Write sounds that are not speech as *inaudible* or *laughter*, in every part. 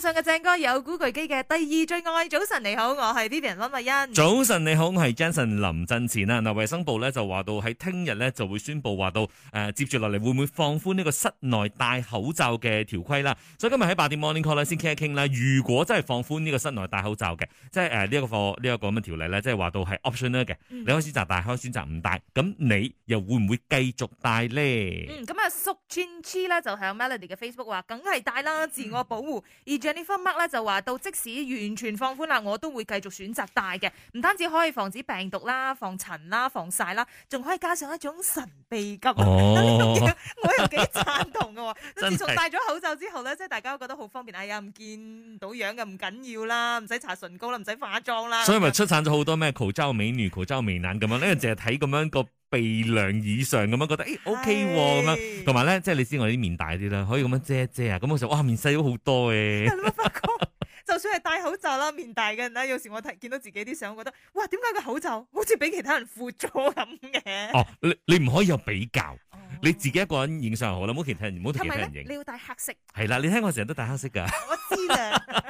上嘅鄭哥有古巨基嘅《第二最愛》，早晨你好，我係 Vivian 溫慧欣。早晨你好，我係 Jason 林振前啊。嗱，衛生部咧就話到喺聽日咧就會宣布話到，誒、呃，接住落嚟會唔會放寬呢個室內戴口罩嘅條規啦？所以今日喺八點 Morning Call 咧先傾一傾啦。如果真係放寬呢個室內戴口罩嘅，即係誒呢一個呢一、這個咁嘅條例咧，即係話到係 optional 咧嘅，你可以選擇戴，可以選擇唔戴，咁你又會唔會繼續戴咧？嗯，咁啊，Suk Jin Chi 咧就向 Melody 嘅 Facebook 話，梗係戴啦，自我保護。嗯呢幅 mark 咧就話到，即使完全放寬啦，我都會繼續選擇戴嘅。唔單止可以防止病毒啦、防塵啦、防曬啦，仲可以加上一種神秘感、哦。 *laughs* 我又幾贊同嘅。 *laughs* 真係。咁自從戴咗口罩之後咧，即係大家都覺得好方便。哎呀，唔見到樣嘅唔緊要啦，唔使搽唇膏啦，唔使化妝啦。所以咪出產咗好多咩？口罩美女、口罩美男咁樣咧，淨係睇咁樣個。鼻梁以上咁樣覺得，誒，O K 喎咁樣，同埋咧，即係你知我啲面大啲啦，可以咁樣遮一遮啊，咁我就哇，面細咗好多嘅。的我發覺 *laughs* 就算係戴口罩啦，面大嘅，咧有時我睇見到自己啲相，我覺得，哇，點解個口罩好似俾其他人闊咗咁嘅？哦，你你唔可以有比較，哦，你自己一個人影相好啦，唔其，其他人，唔好睇其他人影。你要戴黑色。係啦，你聽我成日都戴黑色噶。我知啦。 *laughs*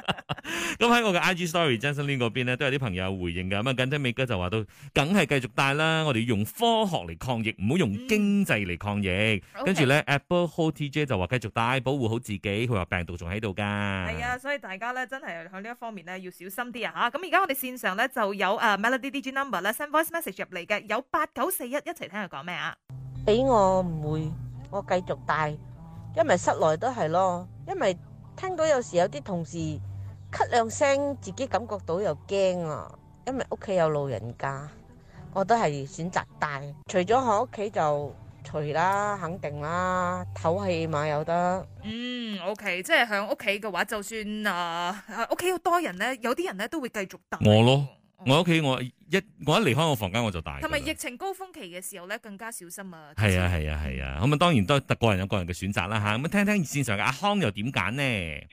咁喺我嘅 I G Story，Jasmine Lee 嗰邊咧都有啲朋友回應嘅。咁、嗯、啊，簡真美嘉就話到，梗係繼續戴啦。我哋用科學嚟抗疫，唔好用經濟嚟抗疫。嗯、跟住咧、okay.，Apple Ho T J 就話繼續戴，保護好自己。佢話病毒仲喺度噶。係啊，所以大家咧真係喺呢一方面咧要小心啲啊。吓，咁而家我哋線上咧就有誒、uh,，Melody DG Number 啦 Send Voice Message 入嚟嘅，有八九四一一齊聽佢講咩啊？俾我唔會，我繼續戴，因為室內都係咯，因為聽到有時有啲同事。咳兩聲，自己感覺到又驚啊，因為屋企有老人家，我都係選擇戴。除咗喺屋企就除啦，肯定啦，透氣嘛又得。嗯，OK，即係響屋企嘅話，就算啊，屋企好多人咧，有啲人咧都會繼續戴。我咯，我屋企我一我一離開我房間我就戴。同埋疫情高峰期嘅時候咧，更加小心啊。係啊係啊係啊，咁啊，啊，啊、嗯、當然都個人有個人嘅選擇啦吓，咁啊聽聽線上嘅阿康又點揀呢？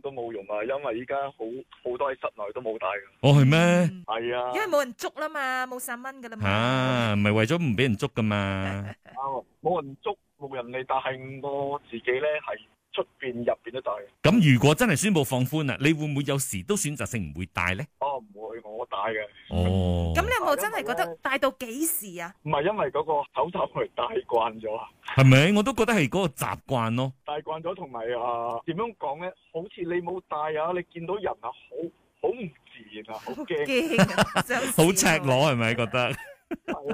都冇用啊，因為依家好好多喺室內都冇戴嘅。哦，係咩？係啊，因為冇人捉啦嘛，冇散蚊噶啦嘛。啊，唔係為咗唔俾人捉噶嘛。啊，冇人捉，冇人嚟，但係我自己咧係出邊入邊都戴。咁如果真係宣布放寬啊，你會唔會有時都選擇性唔會戴咧？哦，唔會，我戴嘅。哦，咁你有冇真係覺得戴到幾時啊？唔係因為嗰個口罩佢戴慣咗，係咪？我都覺得係嗰個習慣咯， *laughs* 戴慣咗同埋啊，點樣講咧？好似你冇戴啊，你見到人啊，好好唔自然啊，好驚，好、即係、 *laughs* 赤裸係咪覺得？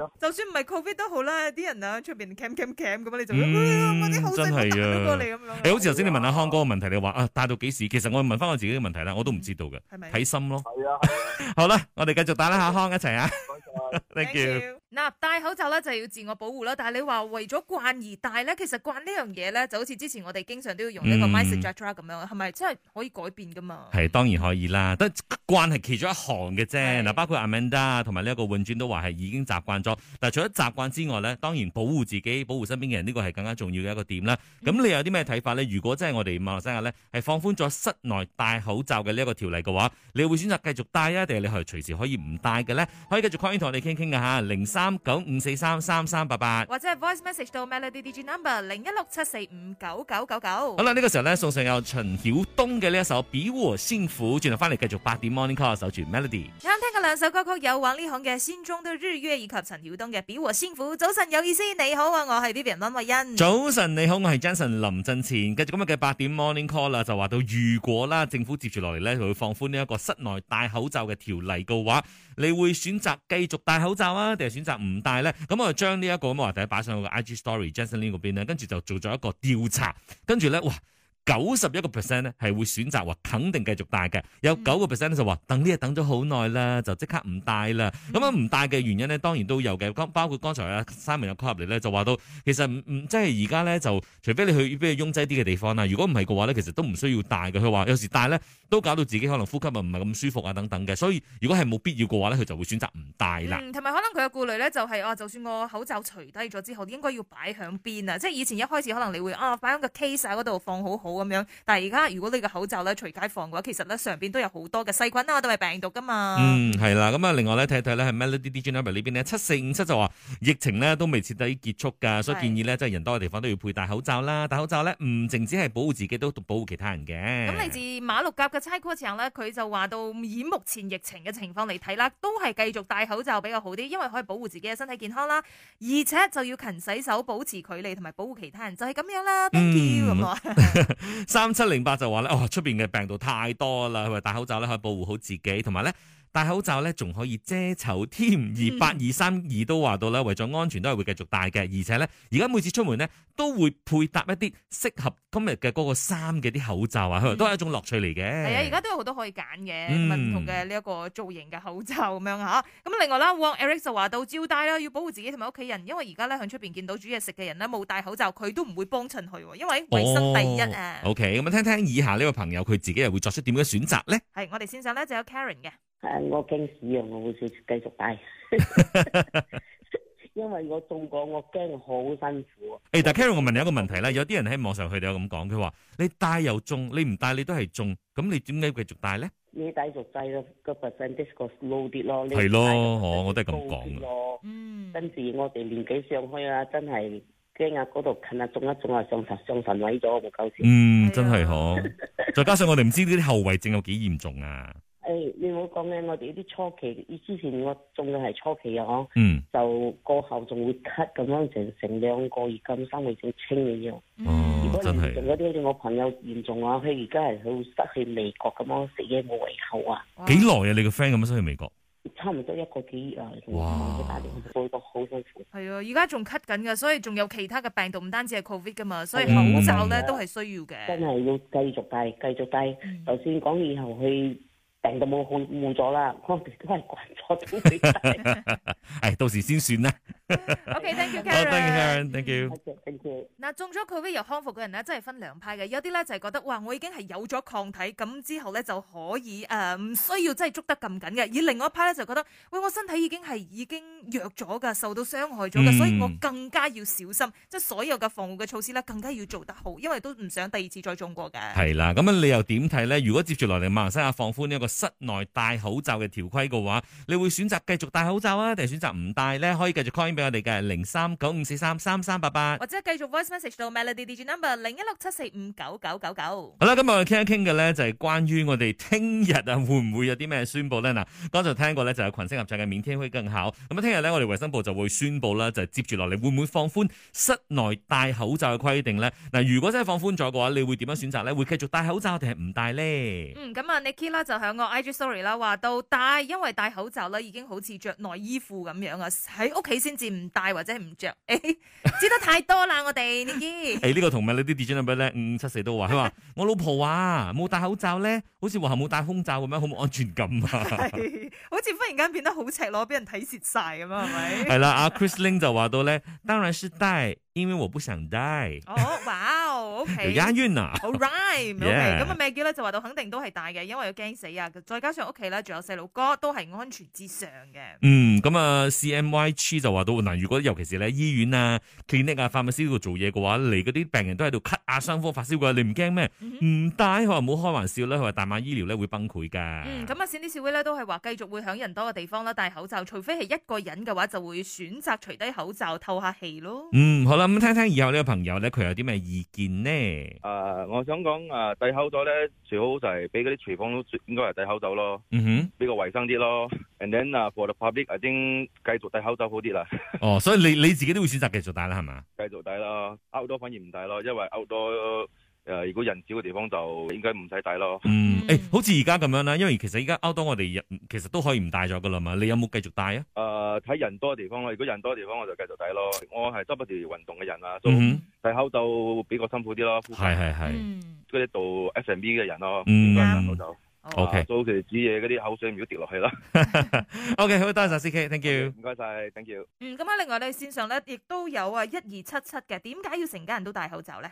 *music* 就算唔係 Covid 都好啦，啲人啊出邊 c a c a c a 咁啊，你就嗰啲，哎欸，好細粒傳過嚟咁樣。你好似頭先你問阿康哥個問題，你話啊帶到幾時？其實我問翻我自己個問題啦，我都唔知道嘅，係咪？睇心咯。係 *laughs* 啊，好啦，我哋繼續打啦，阿康一齊啊。 *laughs* Thank you Thank you。嗱，戴口罩咧就係要自我保護啦。但係你話為咗慣而戴咧，其實慣呢樣嘢咧，就好似之前我哋經常都要用呢個 mask adjuster 咁樣，係咪真係可以改變噶嘛？係當然可以啦，得慣係其中一行嘅啫。嗱，包括 Amanda 同埋呢一個運轉都話係已經習慣咗。但係除咗習慣之外咧，當然保護自己、保護身邊嘅人呢個係更加重要嘅一個點啦。咁你有啲咩睇法咧？如果真係我哋馬來西亞咧係放寬咗室內戴口罩嘅呢一個條例嘅話，你會選擇繼續戴啊，定係你係隨時可以唔戴嘅咧？可以繼續 comment 同我哋傾傾噶吓，零三九五四三三三八八，或者 voice message 到 melody DJ number 零一六七四五九九九九。好啦，呢、這個時候呢，送上有陳曉東嘅呢一首《比我幸福》，轉頭翻嚟繼續八點 morning call 守住 melody。啱聽嘅兩首歌曲有王力宏嘅《心中的日月》以及陳曉東嘅《比我幸福》。早晨有意思，你好啊，我係 B B 溫慧欣。早晨你好，我係 Jason 林振前。前繼續今日嘅八點 morning call 啦，就話到如果啦政府接住落嚟呢，就會放寬呢一個室內戴口罩嘅條例嘅話，你會選擇繼續戴口罩啊，定係選？就唔大咧，咁我就將呢、這個、一,一個咁話題擺上我嘅 IG story Jasmine 嗰邊咧，跟住就做咗一個調查，跟住咧，哇！九十一個 percent 咧係會選擇話肯定繼續戴嘅，有九個 percent 就話等呢日等咗好耐啦，就即刻唔戴啦。咁樣唔戴嘅原因咧，當然都有嘅，包括剛才啊三文有 call 入嚟咧就話到其實唔、嗯、即係而家咧就除非你去比較擁擠啲嘅地方啦，如果唔係嘅話咧其實都唔需要戴嘅。佢話有時戴咧都搞到自己可能呼吸啊唔係咁舒服啊等等嘅，所以如果係冇必要嘅話咧佢就會選擇唔戴啦。嗯、同埋可能佢嘅顧慮咧就係、哦、就算個口罩除低咗之後應該要擺響邊啊？即係以前一開始可能你會啊擺響個 case 喺嗰度放好好。咁樣，但係而家如果你個口罩咧隨街放嘅話，其實咧上邊都有好多嘅細菌啊，都係病毒噶嘛。嗯，係啦，咁啊，另外咧睇睇咧係 Melody Djanobi 呢邊呢，七四五七就話疫情呢都未徹底結束噶，所以建議咧即係人多嘅地方都要佩戴,戴口罩啦。戴口罩咧唔淨止係保護自己，都保護其他人嘅。咁嚟自馬六甲嘅 Chai Khorang 佢就話到以目前疫情嘅情況嚟睇啦，都係繼續戴口罩比較好啲，因為可以保護自己嘅身體健康啦，而且就要勤洗手、保持距離同埋保護其他人，就係、是、咁樣啦咁、嗯 *laughs* 三七零八就話咧，哦，出邊嘅病毒太多啦，佢話戴口罩咧可以保護好自己，同埋咧。戴口罩咧，仲可以遮醜添。而八二三二都話到啦、嗯、為咗安全都係會繼續戴嘅。而且咧，而家每次出門咧，都會配搭一啲適合今日嘅嗰個衫嘅啲口罩、嗯、啊，都係一種樂趣嚟嘅。係啊，而家都有好多可以揀嘅，唔、嗯、同嘅呢一個造型嘅口罩咁樣吓。咁另外啦，王 Eric 就話到，照戴啦，要保護自己同埋屋企人。因為而家咧向出邊見到煮嘢食嘅人咧冇戴口罩，佢都唔會幫襯佢，因為衛生第一啊。哦、OK，咁聽聽以下呢個朋友佢自己又會作出點樣選擇咧？係我哋先上咧就有 Karen 嘅。我驚屎啊！我會繼續帶， *laughs* 因為我中過，我驚好辛苦。誒，但 Carol，我問你一個問題啦，有啲人喺網上佢哋有咁講，佢話你帶又中，你唔帶你都係中。咁你點解繼續帶咧？你繼續帶咯，個 percentage 個 low 啲咯，係咯、啊，我我都係咁講。嗯，跟住我哋年紀上去啊，真係驚啊！嗰度近啊，中一中啊，上上神位咗，冇夠錢。嗯，真係好。啊、 *laughs* 再加上我哋唔知呢啲後遺症有幾嚴重啊！你冇講嘅，我哋呢啲初期，以之前我仲要係初期啊。嗬、嗯，就過後仲會咳咁樣，成成兩個月咁，三味正清嘅藥、嗯。如果嚴重嗰啲，好、嗯、似我朋友嚴重啊，佢而家係佢會失去味覺咁咯，食嘢冇胃口啊。幾耐啊？你個 friend 咁樣失去味覺？差唔多一個幾月啊！哇，佢帶啲病好辛苦。係啊，而家仲咳緊嘅，所以仲有其他嘅病毒，唔單止係 COVID 噶嘛，所以口罩咧都係需要嘅。真係要繼續戴，繼續戴。頭、嗯、先講以後去。就冇換換咗啦，我啲到時先算啦。 *laughs* o、okay, k、oh, thank you, Karen. Thank you, okay, thank you. 嗱，中咗 COVID 又康復嘅人咧，真係分兩派嘅。有啲咧就係、是、覺得，哇，我已經係有咗抗體，咁之後咧就可以誒，唔、嗯、需要真係捉得咁緊嘅。而另外一派咧就覺得，喂，我身體已經係已經弱咗噶，受到傷害咗噶，所以我更加要小心，即、嗯、係、就是、所有嘅防護嘅措施咧，更加要做得好，因為都唔想第二次再中過嘅。係啦，咁你又點睇咧？如果接住落嚟馬來西亞放寬呢一個室內戴口罩嘅條規嘅話，你會選擇繼續戴口罩啊，定係選擇唔戴咧？可以繼續俾我哋嘅零三九五四三三三八八，或者繼續 voice message 到 Melody D J number 零一六七四五九九九九。好啦，咁我哋傾一傾嘅咧就係關於我哋聽日啊會唔會有啲咩宣布咧嗱？剛才聽過咧就係群星合唱嘅明天會更好，咁啊聽日咧我哋衛生部就會宣布啦，就接住落嚟會唔會放寬室內戴口罩嘅規定咧嗱？如果真係放寬咗嘅話，你會點樣選擇咧？會繼續戴口罩定係唔戴咧？嗯，咁啊，Niki 就響個 IG story 啦話到戴，因為戴口罩咧已經好似着內衣褲咁樣啊，喺屋企先至。唔戴或者唔着，哎、知得太多啦！我哋呢啲，誒、哎、呢、這個同埋你啲 designer 咧，五五七四都話，佢話 *laughs* 我老婆話、啊、冇戴口罩咧，好似話冇戴胸罩咁樣，好冇安全感啊！ *laughs* *laughs* 好似忽然間變得好赤裸，俾人睇蝕晒咁啊！係咪？係啦，阿 Chris Ling 就話到咧，當然是戴，因為我不想戴。 *laughs* 哦，哇 O K，k Rime，O K，咁啊、oh,，Mike 咧、okay, yeah. 就話到肯定都係戴嘅，因為要驚死啊！再加上屋企咧仲有細路哥，都係安全至上嘅。嗯，咁啊，C M Y C 就話到嗱，如果尤其是咧醫院啊、clinic 啊、化驗室度做嘢嘅話，嚟啲病人都喺度咳啊、傷風發燒嘅，你唔驚咩？唔戴佢話冇開玩笑啦，佢話大馬醫療咧會崩潰噶。嗯，咁啊、嗯，啲示威咧都係話繼續會響人多嘅地方咧戴口罩，除非係一個人嘅話，就會選擇除低口罩透下氣咯。嗯，好啦，咁聽聽以後呢個朋友咧佢有啲咩意見。 *noise* uh, 啊，我想講啊，戴口罩咧最好就係俾嗰啲廚房都應該係戴口罩咯，嗯哼，比較衛生啲咯，And then, uh, for the public 已經繼續戴口罩好啲啦。哦，所以你你自己都會選擇繼續戴啦係嘛？繼續戴咯，outdoor 反而唔戴咯，因為 outdoor。誒，如果人少嘅地方就應該唔使戴咯。嗯、誒、欸，好似而家咁樣啦，因為其實而家 outdoor 我哋其實都可以唔戴咗噶啦嘛。你有冇繼續戴啊？誒、呃，睇人多嘅地方咯。如果人多嘅地方，我就繼續戴咯。我係執不住運動嘅人啊，做、嗯、戴口罩比較辛苦啲咯。係係係，嗰、嗯、啲做 F&B 嘅人咯，應該戴口罩。O K，做佢哋煮嘢嗰啲口水唔要跌落去啦。O K，好，多謝晒 C K，thank you。唔該晒，thank you。嗯，咁啊，另外你綫上咧亦都有啊一二七七嘅，點解要成家人都戴口罩咧？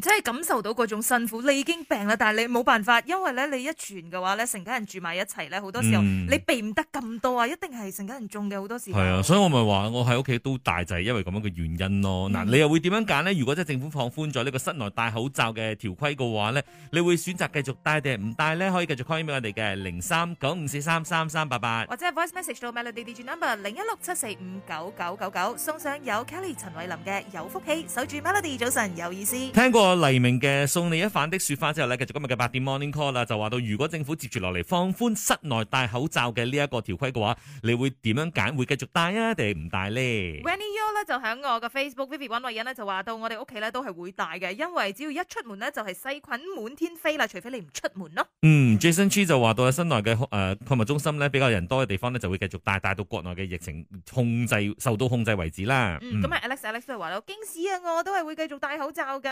真係感受到嗰種辛苦，你已經病啦，但係你冇辦法，因為咧你一傳嘅話咧，成家人住埋一齊咧，好多時候、嗯、你避唔得咁多啊，一定係成家人中嘅好多時候。係啊，所以我咪話我喺屋企都大就係、是、因為咁樣嘅原因咯。嗱、嗯，你又會點樣揀呢？如果即係政府放寬咗呢個室內戴口罩嘅條規嘅話呢，你會選擇繼續戴定係唔戴咧？可以繼續 call 俾我哋嘅零三九五四三三三八八，或者 voice message 到 Melody D G number 零一六七四五九九九九，送上由 Kelly 陳慧琳嘅有福氣守住 Melody 早晨有意思，聽過。黎明嘅送你一瓣的雪花之後咧，繼續今日嘅八點 morning call 啦，就話到如果政府接住落嚟放寬室內戴口罩嘅呢一個條規嘅話，你會點樣揀？會繼續戴啊，定係唔戴呢？Vanny Yeo 咧就響我嘅 Facebook，Vivi 溫慧欣呢，就話到我，我哋屋企咧都係會戴嘅，因為只要一出門咧就係、是、細菌滿天飛啦，除非你唔出門咯。嗯，Jason Chu 就話到喺室內嘅誒購物中心咧比較人多嘅地方咧就會繼續戴，戴到國內嘅疫情控制受到控制為止啦。咁啊 Alex，Alex 都係話咯，驚、嗯、死、嗯、啊，我都係會繼續戴口罩噶。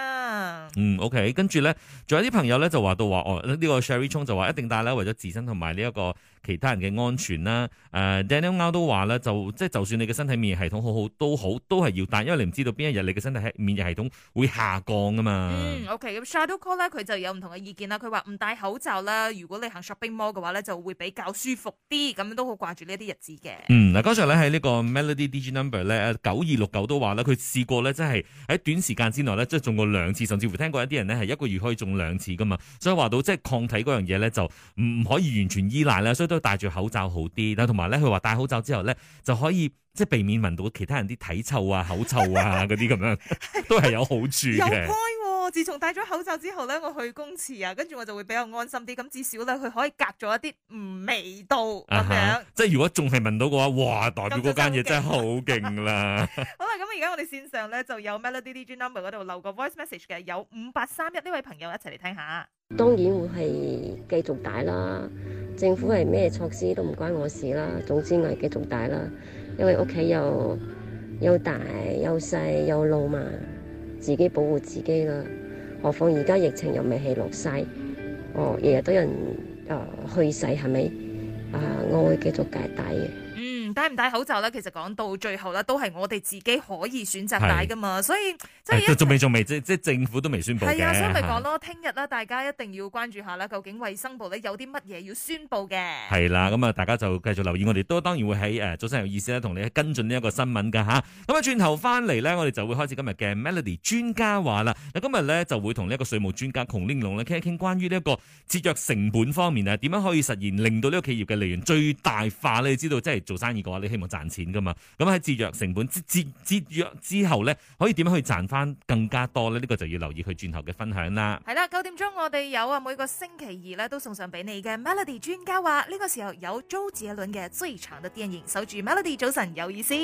嗯，OK，跟住咧，仲有啲朋友咧就話到話哦，呢、呢個 Sherry Chong 就話一定帶啦，為咗自身同埋呢一個。其他人嘅安全啦，誒、嗯呃、Daniel、Mow、都話啦，就即係就算你嘅身體免疫系統好好都好，都係要戴，因為你唔知道邊一日你嘅身體免疫系統會下降啊嘛。OK 咁 Shadoco 咧，佢、okay，就有唔同嘅意見啦。佢話唔戴口罩啦，如果你行 shopping mall 嘅話咧，就會比較舒服啲。咁都好掛住呢啲日子嘅。嗯，嗱，剛才咧喺呢個 Melody D G Number 咧九二六九都話咧，佢試過咧，即係喺短時間之內咧，即係中過兩次，甚至乎聽過一啲人咧係一個月可以中兩次噶嘛。所以話到即係抗體嗰樣嘢咧，就唔可以完全依賴啦。都戴住口罩好啲啦，同埋咧佢話戴口罩之後咧就可以即係避免聞到其他人啲體臭啊、口臭啊嗰啲咁樣，都係有好處的。 *laughs* 有、哦、自從戴咗口罩之後咧，我去公廁啊，跟住我就會比較安心啲。咁至少咧，佢可以隔咗一啲唔味道咁樣。Uh -huh, right? 即係如果仲係聞到嘅話，哇，代表嗰間嘢真係 *laughs* *laughs* 好勁啦。好啦，咁而家我哋線上咧就有 Melody Digi Number 嗰度留個 Voice Message 嘅，有五八三一呢位朋友一齊嚟聽下。當然會係繼續戴啦。政府係咩措施都唔關我事啦，總之我係繼續大啦，因為屋企又又大又細又老嘛，自己保護自己啦。何況而家疫情又未係落晒，哦，日日都有人啊、呃、去世係咪啊？我會繼續戒大嘅。戴唔戴口罩咧？其實講到最後咧，都係我哋自己可以選擇戴噶嘛。所以即係仲未仲未即即政府都未宣佈嘅。係啊，所以咪講咯，聽日咧大家一定要關注下啦，究竟衞生部咧有啲乜嘢要宣佈嘅。係啦，咁啊大家就繼續留意，我哋都當然會喺誒早晨有意思咧同你跟進呢一個新聞噶吓，咁啊轉頭翻嚟咧，我哋就會開始今日嘅 Melody 專家話啦。嗱，今日咧就會同呢一個稅務專家熊玲龍咧傾一傾關於呢一個節約成本方面啊，點樣可以實現令到呢個企業嘅利潤最大化，你知道即係做生意。你希望賺錢噶嘛？咁喺節約成本節節約之後咧，可以點樣去賺翻更加多咧？呢個就要留意佢轉頭嘅分享啦。係啦，九點鐘我哋有啊，每個星期二咧都送上俾你嘅 Melody 專家話呢個時候有周杰倫嘅最長的電影，守住 Melody 早晨有意思。